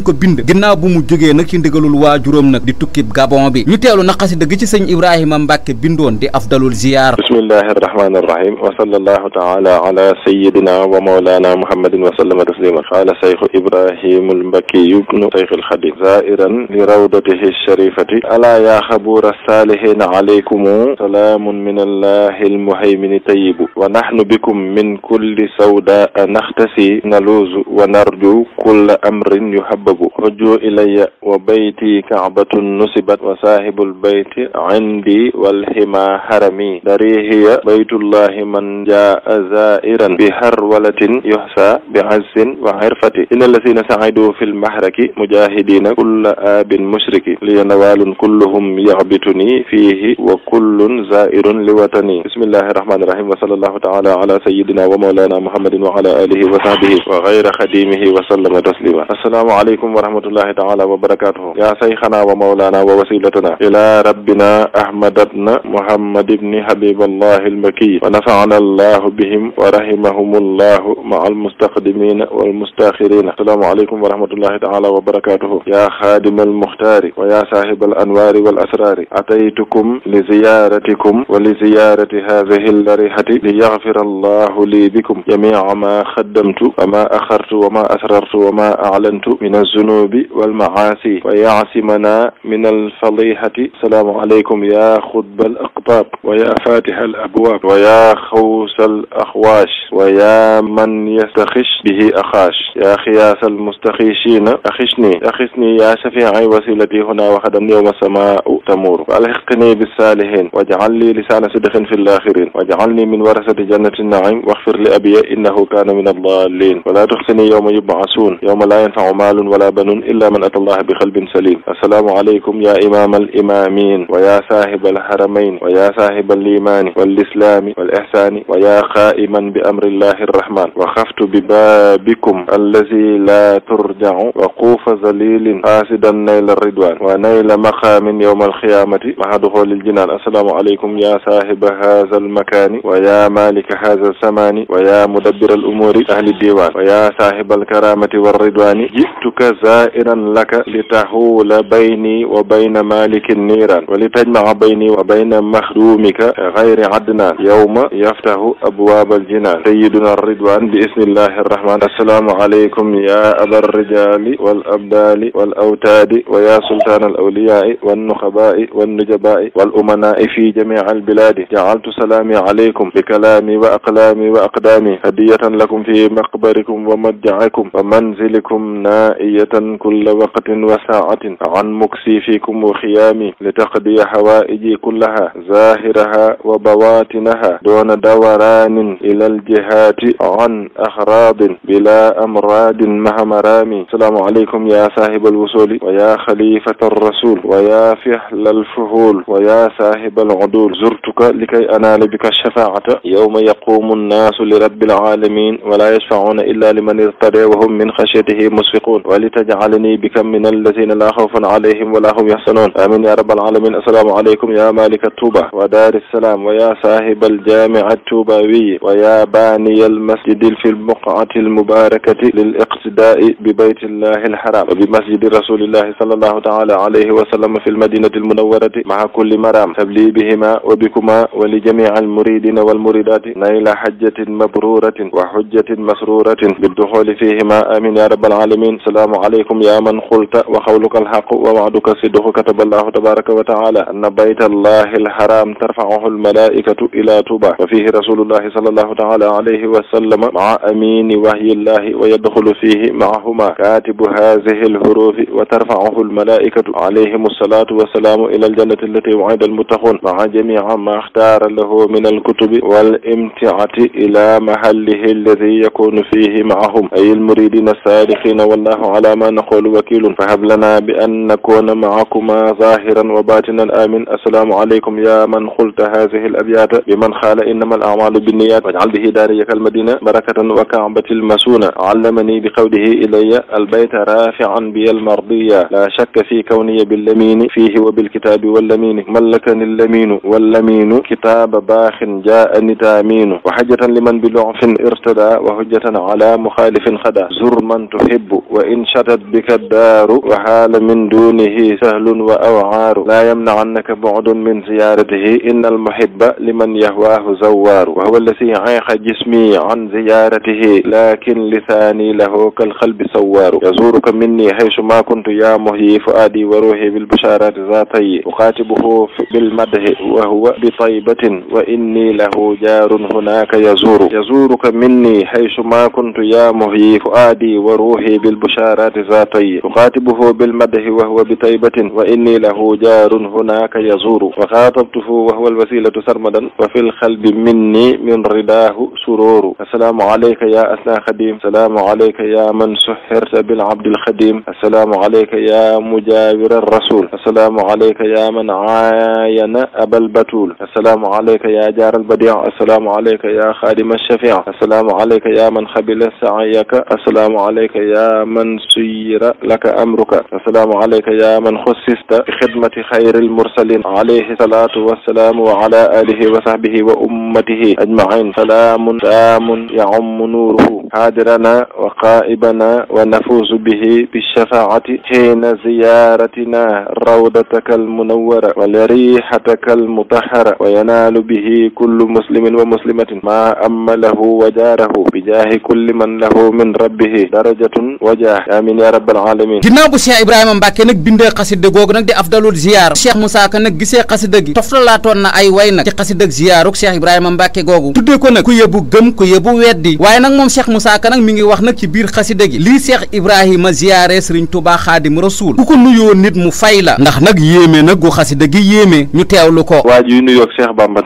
ko bind ginnaaw bu mu jógee nag ci ndigalul waajuram nag di tukki gabon bi ñu teelu na xasida gi ci sëñ ibrahima mbàkke bindoon di afdalul ziyaar bismillahi arrahmani arrahim wa sallallahu taala ala sayidina wa mawlana muhammadin wa sallama taslima qaala sayxu ibrahim almbakiyu bnu sayx alxadim zairan li rawdatihi sharifati alaa yaa xabuura saalihin alaykumu salaamun min allahi almuhaymini tayibu wa nahnu bikum min kulli sawda naxtasi naluuzu wa narju kulla amrin yuhabbabu arju ilayya wa bayti kacbatun nusibat wa saaxibul bayti cindi walxima harami darihiya baytullahi man jaa zairan bi harwalatin yuxsa bi azin wa xirfati ina allasina sacidu fi lmahraki mujahidina kulla aabin mushriki liya nawaalun kulluhum yaxbituni fiihi wa kullun zairun li watani bismillahi rahmani rahim wa sallallahu taala ala sayidina wa mawlana muhammadin wa ala alihi wa sahbihi wa gayra xadimihi wa sallama taslima assalaamu aleykum wa rahmatulah rahmatullahi taala wa barakatuhu ya sayxana wa mawlana wa wasilatuna ila rabbina ahmadatna muhammad ibni habiballahi almakiy wa nafa'ana allahu bihim wa rahimahumullahu ma'a almustaqdimina walmustaxirina assalaamu aleykum wa rahmatullahi taala wa barakatuhu ya xaadima almuxtaari wa ya saahiba alanwaari walasraari ataytukum li ziyaratikum wa li ziyarati hadihi allarihati li yaxfira allahu lii bikum jamica ma xaddamtu wa ma axartu wa ma asrartu wa ma aclantu min azunubi والذنوب والمعاصي ويعصمنا من الفضيحة السلام عليكم يا خطب الأقطاب ويا فاتح الأبواب ويا خوس الأخواش ويا من يستخش به أخاش يا خياس المستخيشين أخشني أخشني يا شفيعي وسيلتي هنا وخدم يوم السماء تمور وألحقني بالصالحين واجعل لي لسان صدق في الآخرين واجعلني من ورثة جنة النعيم واغفر لأبي إنه كان من الضالين ولا تخزني يوم يبعثون يوم لا ينفع مال ولا بنون illa man ata allah bi qalbin salim assalaamu aleykum ya imama alimamin wa ya saahiba alharamayn wa ya saahiba alimaani walislami walihsaani wa ya qaa'iman bi amrillahi arrahman wa xaftu bi baabikum allazi la turja'u wa quufa zalilin qaasidan nayla ridwan wa nayla maqaamin yawma alqiyamati mahaduhu liljinaan assalaamu aleykum ya saahiba haza almakani wa ya malika haza alsamani wa ya mudabbira alumuuri ahli diwan wa ya saahiba alkaramati warridwani jituka سائرا لك لتحول بيني وبين مالك نيرا ولتجمع بيني وبين مخدومك غير عدنان يوم يفتح أبواب الجنان سيدنا الرضوان بإذن الله الرحمن السلام عليكم يا أبا الرجال والأبدال والأوتاد ويا سلطان الأولياء والنخباء والنجباء والأمناء في جميع البلاد جعلت سلامي عليكم بكلامي وأقلامي وأقدامي هدية لكم في مقبركم ومدعكم ومنزلكم نائية kulla waqtin wa saatin an muksi fikum wa xiyaami li taqdiya hawaaiji kullaha zaahiraha wa bawaatinaha doona dawaraanin ila aljihaati an axraadin bila amraadin maha maraami salaamu aleykum ya saahiba alwusuli wa ya xalifata alrasul wa ya fihla alfuhul wa ya saahiba aludul zurtuka likay anaala bika shafaata yowma yaqumu annaasu li rabbi alaalamin wa la yashfacuuna illa liman irtada wa hum min xashyatihi musfiqun wa li tajcal واجعلني بك من الذين لا خوف عليهم ولا هم يحزنون آمين يا رب العالمين السلام عليكم يا مالك الطوبة ودار السلام ويا صاحب الجامع الطوبوي ويا باني المسجد في المقعة المباركة للاقتداء ببيت الله الحرام وبمسجد رسول الله صلى الله تعالى عليه وسلم في المدينة المنورة مع كل مرام تبلي بهما وبكما ولجميع المريدين والمريدات نيل حجة مبرورة وحجة مسرورة بالدخول فيهما آمين يا رب العالمين السلام عليكم minkum yaa man xulta wa xawluka alxaqu wa waaduka sidqu kataba allahu tabaraka wa taala anna bayta allahi alxaram tarfacuhu almalaikatu ila tuba wa fihi rasulullahi sal allahu taala alayhi wa sallama maa amini wahyillahi wa yadxulu fihi maahuma katibu hadihi alhurufi wa tarfacuhu almalaikatu alayhim assalatu wassalaamu ila aljannati allati wa'ida almuttaqun maa jamici ma axtaara lahu min alkutubi walimtiati ila mahallihi alladi yakunu fihi maahum ay almuridina الصادقين والله على ما yaqulu wakilun fa hab lana bi an nakuna maakuma zahiran wa batinan amin assalaamu aleykum ya man xulta hadihi al abyata bi man xaala innama al amalu binniyat wajal bihi daariyaka al madina barakatan wa kaabati al masuna allamani bi qawlihi ilaya albayta rafian biya al mardiya la shakka fi kawniya billamini fihi wa bilkitabi wallamini mallakani allaminu wallaminu kitaba baaxin jaani taaminu wa hajjatan liman bi lofin irtada wa hujjatan ala muxaalifin xada zur man tuhibbu wa in shatat rabbika ddaaru wa xaala min dunihi sahlun wa awaaru laa yamnacannaka bucdun min ziyaaratihi inna almuhibba liman yahwaahu zawaaru wa huwa allasi ayqa jismi an ziyaaratihi lakin lisaani lahu kalxalbi sawaaru yazuruka minni haysu ma kuntu yaa muhyi fuaadi wa ruuhi bilbishaarati zaatayi uqaatibuhu bilmadhi wa huwa bitaybatin wa inni lahu jaarun hunaaka yazuuru yazuruka minni haysu ma kuntu yaa muhyi fuaadi wa ruuhi bilbishaarati zaatayi على طي أخاطبه بالمدح وهو بطيبة وإني له جار هناك يزور وخاطبته وهو الوسيلة سرمدا وفي القلب مني من رداه سرور السلام عليك يا أسنى خديم السلام عليك يا من سحرت بالعبد الخديم السلام عليك يا مجاور الرسول السلام عليك يا من عاين أبا البتول السلام عليك يا جار البديع السلام عليك يا خادم الشفيع السلام عليك يا من خبل سعيك السلام عليك يا من سي xayra laka amruka assalaamu alayka ya man xussista bi xidmati xayri almursalin alayhi salaatu wassalaamu wa ala alihi wa sahbihi wa ummatihi ajmain salaamun taamun yaummu nuuruhu haadirana wa qaa'ibana wa nafuusu bihi bishafaati xiina ziyaaratina rawdataka almunawwara wa lariixataka almutahhara wa yanaalu bihi kullu muslimin wa muslimatin maa amma lahu wa jaarahu bijaahi kulli man lahu min rabbihi darajatun wa jaah amiin ya rab rabbil alamin ginnaaw bu Cheikh Ibrahima Mbacke nag bindee xasida googu nag di afdalul ziyaar Cheikh Moussa Ka nag gisee xasida gi toftalaatoon na ay way nag ci xasida ziyaaruk Cheikh Ibrahima Mbacke googu tuddee ko nag ku yëbu gëm ku yëbu weddi waaye nag moom Cheikh Moussa nag mi ngi wax nag ci biir xasida gi lii Cheikh Ibrahima ziyaare Sëriñ Tuubaa Xaadim Rasuul ku ko nuyoo nit mu fay la ndax nag yéeme nag gu xasida gi yéeme ñu teewlu ko waa ji nuyoog Cheikh Bamba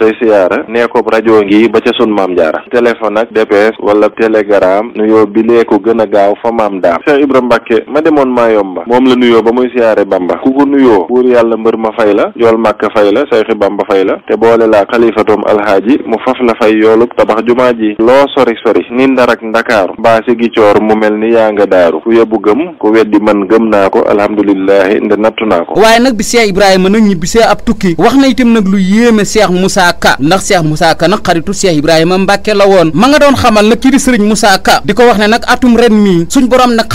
a ma demoon maa yomba moom la nuyoo ba muy siyaare bamba ku ko nuyoo buur yàlla mbër ma fay la yool màkka fay la sayxi bamba fay la te boole laa xalifatoom alxaaji mu faf la fay yoolub tabax jumaa ji loo sori sori ni ndar ak ndakaaru mbaasi gi coor mu mel ni yaa nga daaru ku yebbu gëm ku weddi man gëm naa ko alhamdulilahi nde nattu naa ko waaye nag bi Cheikh Ibrahima nag ñibbisee ab tukki wax na itam nag lu yéeme Cheikh Moussa Ka ndax Cheikh Moussa Ka nag xaritu ma nga doon xamal nag kii di Serigne Moussa Ka di ko wax ne nag atum ren mii suñ borom nag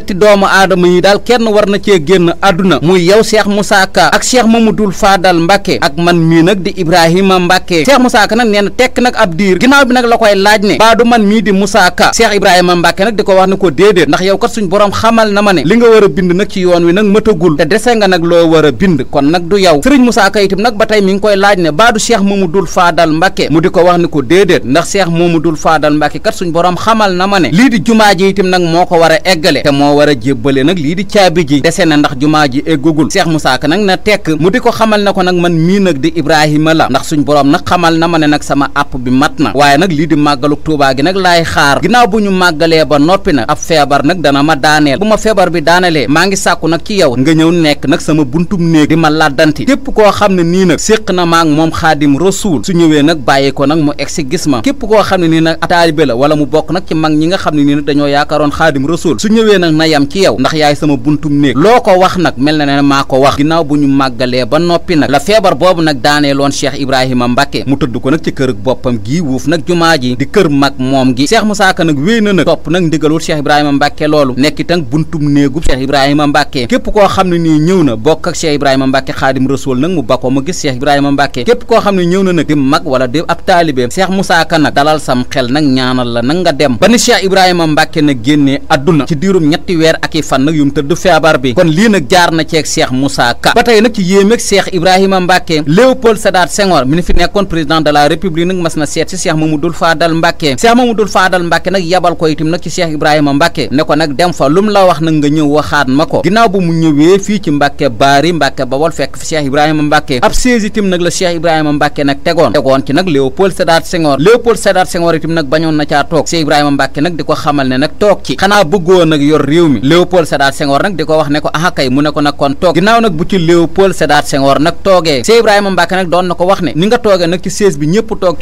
ñetti doomu aadama yi daal kenn war na cee génn àdduna muy yow Cheikh Moussa Ka ak Cheikh Mamadou Fadal Mbacke ak man mii nag di Ibrahima Mbacke Cheikh Moussa Ka nag nee na tekk nag ab diir ginnaaw bi nag la koy laaj ne baa du man mii di Moussa Ka Cheikh Ibrahima Mbacke nag di ko wax ne ko déedéet ndax yow kat suñ borom xamal na ma ne li nga war a bind nag ci yoon wi nag mëtagul te dese nga nag loo war a bind kon nag du yow Serigne Moussa Ka itam nag ba tey mi ngi koy laaj ne baa du Cheikh Mamadou Fadal mu di ko wax ne ko déedéet ndax Cheikh Mamadou Fadal Mbacke kat suñ borom xamal na ma ne lii di jumaa itam nag moo ko war a moo war a jébbale nag lii di caabi ji dese na ndax jumaa ji eggugul Cheikh Moussa Ka nag na tekk mu di ko xamal ne ko nag man mii nag di Ibrahima la ndax suñ boroom nag xamal na ma ne nag sama àpp bi mat na waaye nag lii di màggaluk Tuubaa gi nag laay xaar ginnaaw bu ñu màggalee ba noppi nag ab feebar nag dana ma daaneel bu ma feebar bi daanalee maa ngi sàkku nag ci yaw nga ñëw nekk nag sama buntum néeg di ma làddanti képp koo xam ne nii nag séq na maak moom xaadim rasuul su ñëwee nag bàyyi ko nag mu egsi gis ma képp koo xam ne nii nag mu bokk nag ci ñi nga xam ne nii nag dañoo xel na yam ci yow ndax yaay sama buntum néeg loo ko wax nag mel na ne maa ko wax ginnaaw bu ñu màggalee ba noppi nag la feebar boobu nag daanee loon Cheikh Ibrahima Mbacke mu tëdd ko nag ci kër boppam gii wuuf nag jumaa ji di kër mag moom gi Cheikh Moussa nag wéy na nag topp nag ndigalul Cheikh Ibrahima Mbacke loolu nekk itam buntum néegub Cheikh Ibrahima Mbacke képp koo xam ne nii ñëw na bokk ak Cheikh Ibrahima Mbacke xaadim rasul nag mu bakoo ma gis Cheikh Ibrahima Mbacke képp koo xam ne ñëw na nag di mag wala di ab taalibe Cheikh Moussa Ka nag dalal sam xel na ñaanal la nag nga ñetti weer ak fan nag yu mu tëdd feebar bi kon lii jaar na ceeg Cheikh Moussa Ka ba tey nag ci yéemeeg Cheikh Ibrahima Mbacke Léopold Sédar Senghor mi fi nekkoon président de la république nag mas na seet si Cheikh Mamadou Fadal Mbacke Cheikh Mamadou Fadal Mbacke nag yabal ko itam nag ci Cheikh Ibrahima Mbacke ne ko nag dem fa lu mu la wax nag nga ñëw waxaat ma ko ginnaaw bu mu ñëwee fii ci Mbacke Baari ba Bawol fekk fi Cheikh Ibrahima Mbacke ab siège itam nag la Cheikh Ibrahima Mbacke nag tegoon tegoon ci nag Léopold Sédar Senghor Léopold Sédar Senghor itam nag bañoon na caa toog Cheikh di ko xamal ne nag toog ci xanaa bëggoon nag yor réew mi Léopold Sédar Senghor nag di ko wax ne ko aha kay mu ne ko nag kon toog ginnaaw nag bu ci Léopold Sédar Senghor nag toogee Cheikh Ibrahima Mbacke na ko wax ne ni nga toogee nag ci siège bi ñëpp toog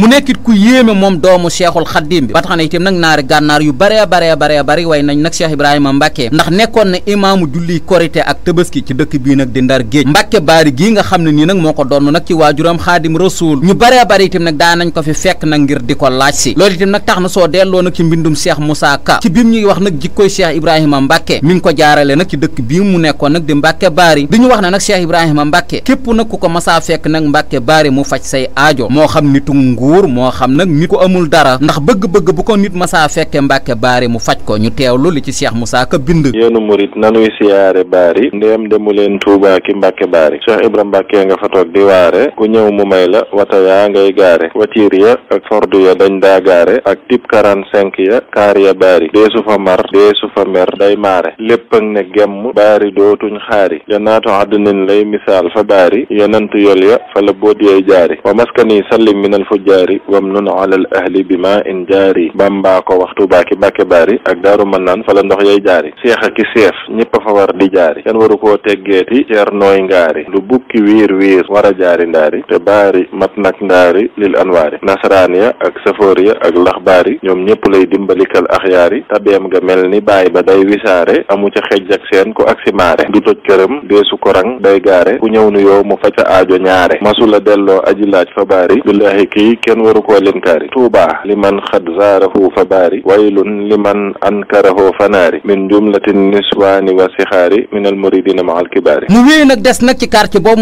mu nekkit ku yéeme moom doomu Cheikhul Khadim bi ba na itim nag naari gànnaar yu bare bare bare bari way nañ nag Cheikh Ibrahima Mbacke ndax nekkoon na imaamu julli korité ak tëbaski ci dëkk bii nag di Ndar géej Mbacke baari gi nga nga xam ne nii nag moo ko doon nag ci waajuram xaadim rasuul ñu baree bari itam nag daa nañ ko fi fekk nag ngir di ko laaj si loolu itam nag tax na soo delloo nag ci mbindum Cheikh Moussa Ka ci biim ñuy wax nag jikkoy Cheikh Ibrahima Mbacke mi ko jaarale nag ci dëkk bii mu nekkoon nag di Mbacke Baari di ñu wax ne nag Cheikh Ibrahima Mbacke képp nag ko masaa fekk nag Mbacke Baari mu faj say aajo moo xam nitu nguur moo xam nag nit ku amul dara ndax bëgg-bëgg bu ko nit masaa fekke li ci Cheikh Moussa Ka bind yoonu murit nanuy siyaare Baari ndéem demu leen Tuubaa ki Mbacke Baari Cheikh Ibrahima mbàkkee nga fa toog di waare ku ñëw mu may la wata yaa ngay gaare watiir ya ak ford ya dañ daa gaare ak type quarante-cinq ya kaar ya baari deesu fa mar deesu fa mer day maare lépp ne gemm baari dootuñ xaari jannaatu adnin lay misaal fa baari yenant yol ya fa la boot yay jaari wa maskani sallim minal fujjaari wam nun alal ahli bi ma in jaari bàmbaa ko waxtu baaki bàkke baari ak daaru mën naan fa la ndox yay jaari seex a ki seef ñëpp a fa war di jaari kenn waru koo teggeeti ceer ci wiir wiir war a jaari ndaari te baari mat nag ndaari lil anwaari nasaraan ya ak safoor ya ak laxbaar yi ñoom ñëpp lay dimbalikal axyaar yi tabeem nga mel ni bàyyi ba day wisaare amu ca xejj ak seen ku ak si maare du toj këram deesu korang day gaare ku ñëw nu yow mu faca aajo ñaare masula delloo aji laaj fa baari billahi kii kenn waru koo linkaari tuubaa li man xad zaarahu fa baari waylun li man ankarahu fanaari min jumlatin niswaani wa sixaari min al muridina ma al kibaari mu wéy nag des nag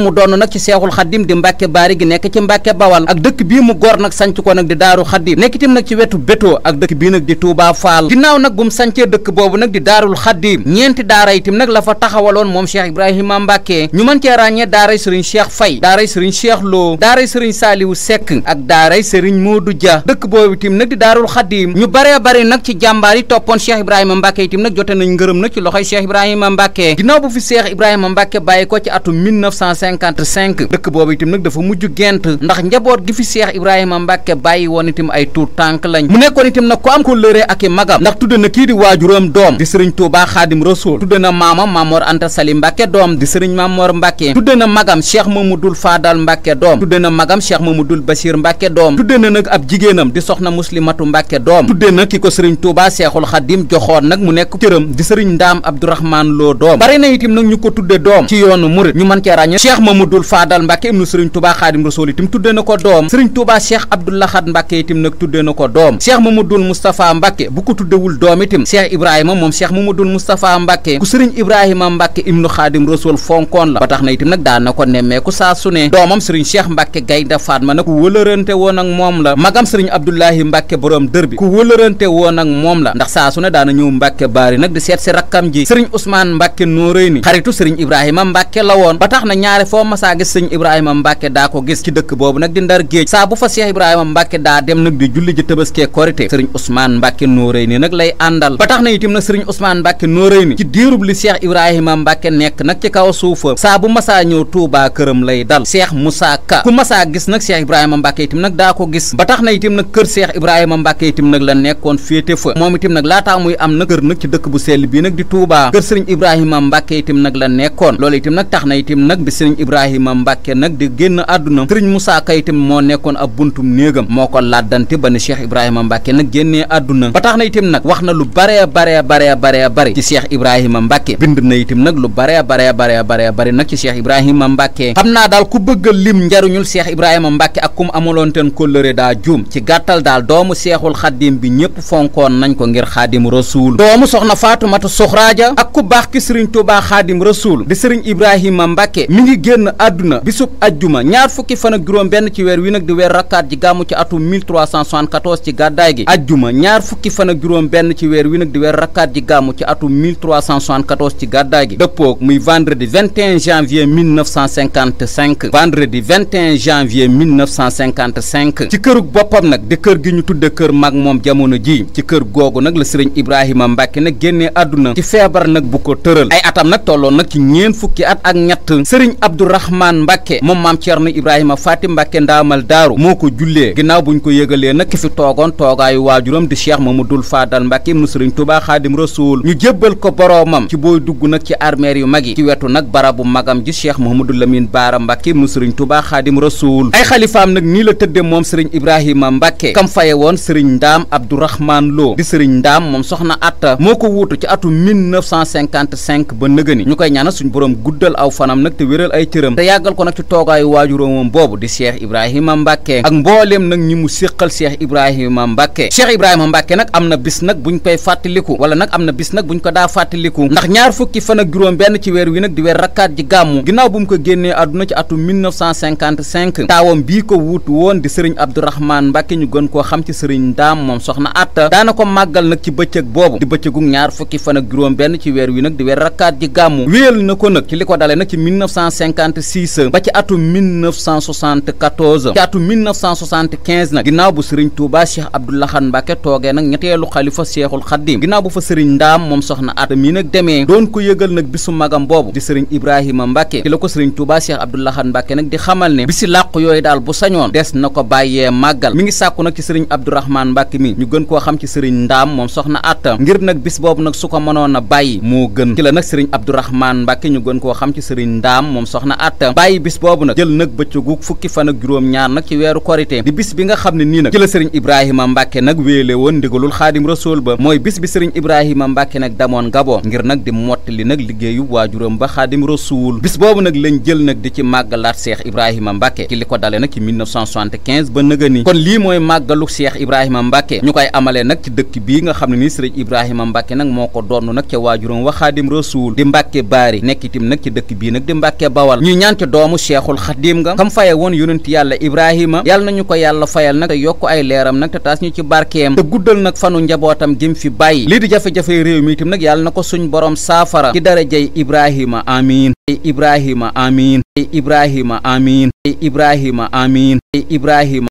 mu doon nag ci seexul xaddim di mbàkke baari gi nekk ci mbàkke bawal ak dëkk bii mu gor nag sanc ko nag di daaru xaddim nekk nag ci wetu bétoo ak dëkk bii nag di tuubaa faal ginnaaw nag bu mu sancee dëkk boobu nag di daarul xaddim ñeenti daara itam nag la fa taxawaloon moom cheikh ibrahima mbàkke ñu mën cee ràññee daaray sëriñ cheikh fay daaray sëriñ cheikh loo daaray sëriñ saaliwu sekk ak daaray sëriñ moodu ja dëkk boobu itam nag di daarul xaddim ñu baree bari nag ci jàmbaar yi toppoon cheikh ibrahima mbàkke itam nag jote nañ ngërëm nag ci loxoy cheikh ibrahima mbàkke 1955 dëkk boobu itam nag dafa mujj gent ndax njaboot gi fi Cheikh Ibrahima Mbacke bàyyi woon itam ay tuur tànk lañ mu nekkoon itam nag ko am ko lëre ak i magam ndax tudde na kii di waajuram doom di sëriñ Touba Xaadim Rasul tudde na maama Mamor Anta Sali Mbacke doom di sëriñ Mamor Mbacke tudde na magam Cheikh Mamadou Fadal Mbacke doom tudde na magam Cheikh Mamadou Bachir Mbacke doom tudde na nag ab jigéenam di soxna Muslimatu Mbacke doom tudde na ki ko sëriñ Touba Cheikhul Xaadim joxoon nag mu nekk cëram di sëriñ na itam nag ñu ko tudde doom cheikh mamadul faadal mbàkke ibnu sëriñ tubaa xaadim rasul itam tudde na ko doom sëriñ tubaa cheikh abdul ahad mbàkke itam nag tudde na ko doom cheikh mamadul moustapha mbàkke bu ko tuddewul doom itam cheikh ibrahima moom cheikh mamadul moustapha mbàkke ku sëriñ ibrahima mbàkke ibnu xaadim rasul fonkoon la ba tax na itam nag daan na ko nemmeeku saa su ne doomam sëriñ cheikh mbàkke gaynde faatma nag ku wëlërante woon ak moom la magam sëriñ abdoulahi mbàkke borom dër bi ku wëlërante woon moom la ndax saa su ne daana ñëw mbàkke baari nag di seet si rakkam ji sëriñ ousmane mbàkke nóoréy ni xaritu foo masaa gis sëñ Ibrahima Mbacke daa ko gis ci dëkk boobu nag di ndar géej saa bu fa Cheikh Ibrahima Mbacke daa dem nag di julli ji tëbaskee korité sëriñ Ousmane Mbacke nóoréy ni nag lay àndal ba tax na itam nag sëriñ Ousmane Mbacke nóoréy ni ci diirub li Cheikh Ibrahima Mbacke nekk nag ci kaw suufa saa bu masaa ñëw Touba këram lay dal Cheikh Moussa Ka ku masaa gis nag Cheikh Ibrahima Mbacke itam nag daa ko gis ba tax na itam nag kër Cheikh Ibrahima Mbacke itam nag la nekkoon féete fa moom itam nag laataa muy am na kër nag ci dëkk bu sell bii nag di Touba kër sëriñ Ibrahima Mbacke nag la nekkoon loolu itam nag tax na itam nag bi sëriñ Ibrahima Mbacke nag di génn àdduna Serigne Moussa Ka itam moo nekkoon ab buntum néegam moo ko laddante ba ne Cheikh Ibrahima Mbacke nag génnee àdduna ba tax na itam nag wax na lu bare bare bare bare bare ci Cheikh Ibrahima Mbacke bind na itam nag lu bare bare bare bare bare nag ci Cheikh Ibrahima Mbacke xam naa daal ku bëgg lim njariñul Cheikh Ibrahima Mbacke ak kum amaloon teen kóllëre daa juum ci gàttal daal doomu Seexul Xaddim bi ñëpp fonkoon nañ ko ngir Xaadim Rasuul doomu soxna Faatumata Soxraaja ak ku baax ki génn àdduna bisub ajjuma ñaar fukki fan ak juróom benn ci weer wi nag di weer rakkaat ji gàmmu ci atum 1374 ci gàddaay gi ajjuma ñaar fukki fan juróom benn ci weer wi nag di weer rakkaat ji gàmmu ci atum 1374 ci gàddaay gi dëppoog muy vendredi 21 janvier 1955 vendredi 21 janvier 1955 ci kërug boppam nag di kër gi ñu tudde kër mag moom jamono ji ci kër googu nag la sëriñ Ibrahima Mbàkke nag génnee àdduna ci feebar nag bu ko tëral ay atam nag tolloon nag ci ñeen fukki at ak ñett sëriñ Abdou abdourahman mbàkke moom maam ceerno ibrahima faati mbàkke ndaamal daaru moo ko jullee ginnaaw ñu ko yëgalee nag ki fi toogoon toogaayu waajuram di cheikh mamadul faadal mbàkke ibnu sëriñ tuubaa xaadim rasuul ñu jébbal ko boroomam ci booy dugg nag ci armeer yu mag yi ci wetu nag barabu magam ji cheikh mahamadou lamin baara mbàkke ibnu sëriñ tuubaa xaadim rasuul ay xalifaam nag nii la tëdde moom sëriñ ibrahima mbàkke kam faye woon sëriñ ndaam abdourahman loo di sëriñ ndaam moom soxna atta moo ko wuutu ci atu 1955 ba nëgëni ñu koy ñaanal suñ boroom guddal aw fanam nag te cëram te yàggal ko nag ci toogaayu waajuróomam boobu di Cheikh Ibrahima Mbacke ak mbooleem nag ñi mu séqal Cheikh Ibrahima Mbacke Cheikh Ibrahima Mbacke nag am na bis nag buñ koy fàttaliku wala nag am na bis nag buñ ko daa fàttaliku ndax ñaar fukki fan ak juróom benn ci weer wi nag di weer rakkaat ji gàmmu ginnaaw bu mu ko génnee àdduna ci atum 1955 taawam bii ko wuutu woon di sëriñ Abdourahmane Mbacke ñu gën koo xam ci sëriñ Ndaam moom soxna Atta daana ko màggal nag ci bëccëg boobu di bëccëgu fukki fan benn ci weer wi na ko nag ci li ko dale 1956 ba ci atum 1974 ci atum 1975 nag ginnaaw bu sëriñ Touba Cheikh Abdou Lahad Mbacke toogee nag ñetteelu xalifa Cheikhul Khadim ginnaaw bu fa sëriñ Ndaam moom soxna Atta mii nag demee doon ko yëgal nag bisu magam boobu di sëriñ Ibrahima Mbacke ci la ko sëriñ Touba Cheikh Abdou Lahad Mbacke nag di xamal ne bisi làqu yooyu daal bu sañoon des na ko bàyyee màggal mi ngi sàkku nag ci sëriñ Abdourahmane Mbacke mi ñu gën koo xam ci sëriñ Ndaam moom soxna Atta ngir nag bis boobu nag su ko mënoon a bàyyi moo gën la nag sëriñ Abdourahmane Mbacke ñu gën koo xam ci sëriñ Ndaam moom soxna atta bàyyi bis boobu nag jël nag bëccëgu fukki fan ak juróom-ñaar nag ci weeru korité di bis bi nga xam ne nii nag la sëriñ ibrahima mbàkke nag wéele woon ndigalul bi sëriñ ibrahima mbàkke nag damoon jël sëriñ ibrahima mbàkke nag moo ko donn nag ca waajuram wa xaadim rasool di mbàkke baari nekk nag ci dëkk bii nag di mbàkke baw taxawal ñu ñaan ca doomu cheikhul xadim nga kam faye woon yonent yàlla ibrahima yàlla nañu ko yàlla fayal nag te yokk ay leeram nag te taas ñu ci barkeem te guddal nag fanu njabootam gim fi bàyyi lii di jafe-jafe réew mi itam nag yàlla na ko suñ borom saafara ci darajay ibrahima amin ibrahima amin ibrahima amin ibrahima amin ibrahima